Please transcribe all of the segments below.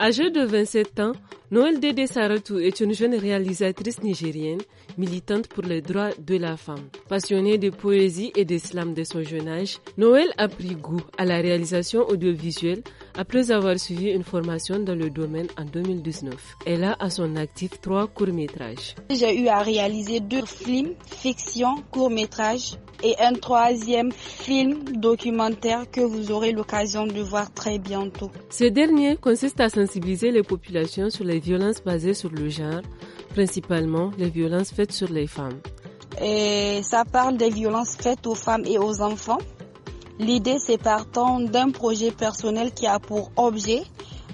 Âgée de 27 ans, Noël Dede Saratou est une jeune réalisatrice nigérienne militante pour les droits de la femme. Passionnée de poésie et d'islam dès son jeune âge, Noël a pris goût à la réalisation audiovisuelle après avoir suivi une formation dans le domaine en 2019. Elle a à son actif trois courts-métrages. J'ai eu à réaliser deux films, fiction, court-métrage et un troisième film documentaire que vous aurez l'occasion de voir très bientôt. Ce dernier consiste à sensibiliser les populations sur les violences basées sur le genre, principalement les violences faites sur les femmes. Et ça parle des violences faites aux femmes et aux enfants L'idée, c'est partant d'un projet personnel qui a pour objet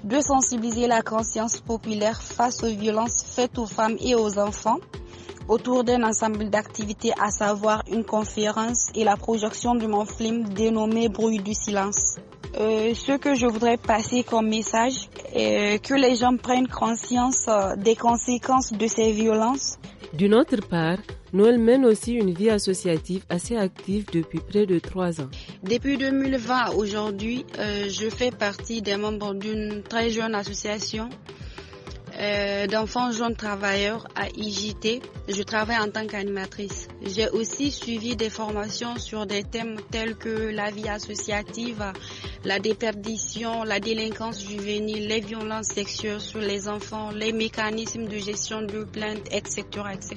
de sensibiliser la conscience populaire face aux violences faites aux femmes et aux enfants autour d'un ensemble d'activités, à savoir une conférence et la projection de mon film dénommé Bruit du silence. Euh, ce que je voudrais passer comme message est que les gens prennent conscience euh, des conséquences de ces violences d'une autre part, Noël mène aussi une vie associative assez active depuis près de trois ans. Depuis 2020, aujourd'hui, euh, je fais partie des membres d'une très jeune association euh, d'enfants jeunes travailleurs à IJT. Je travaille en tant qu'animatrice. J'ai aussi suivi des formations sur des thèmes tels que la vie associative, la déperdition, la délinquance juvénile, les violences sexuelles sur les enfants, les mécanismes de gestion de plaintes, etc. etc.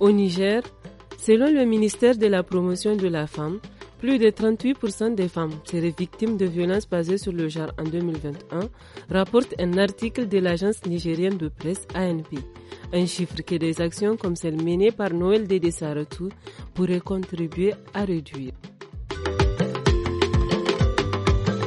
Au Niger, selon le ministère de la Promotion de la Femme, plus de 38% des femmes seraient victimes de violences basées sur le genre en 2021, rapporte un article de l'agence nigérienne de presse ANP. Un chiffre que des actions comme celles menées par Noël Dede Saratou pourraient contribuer à réduire.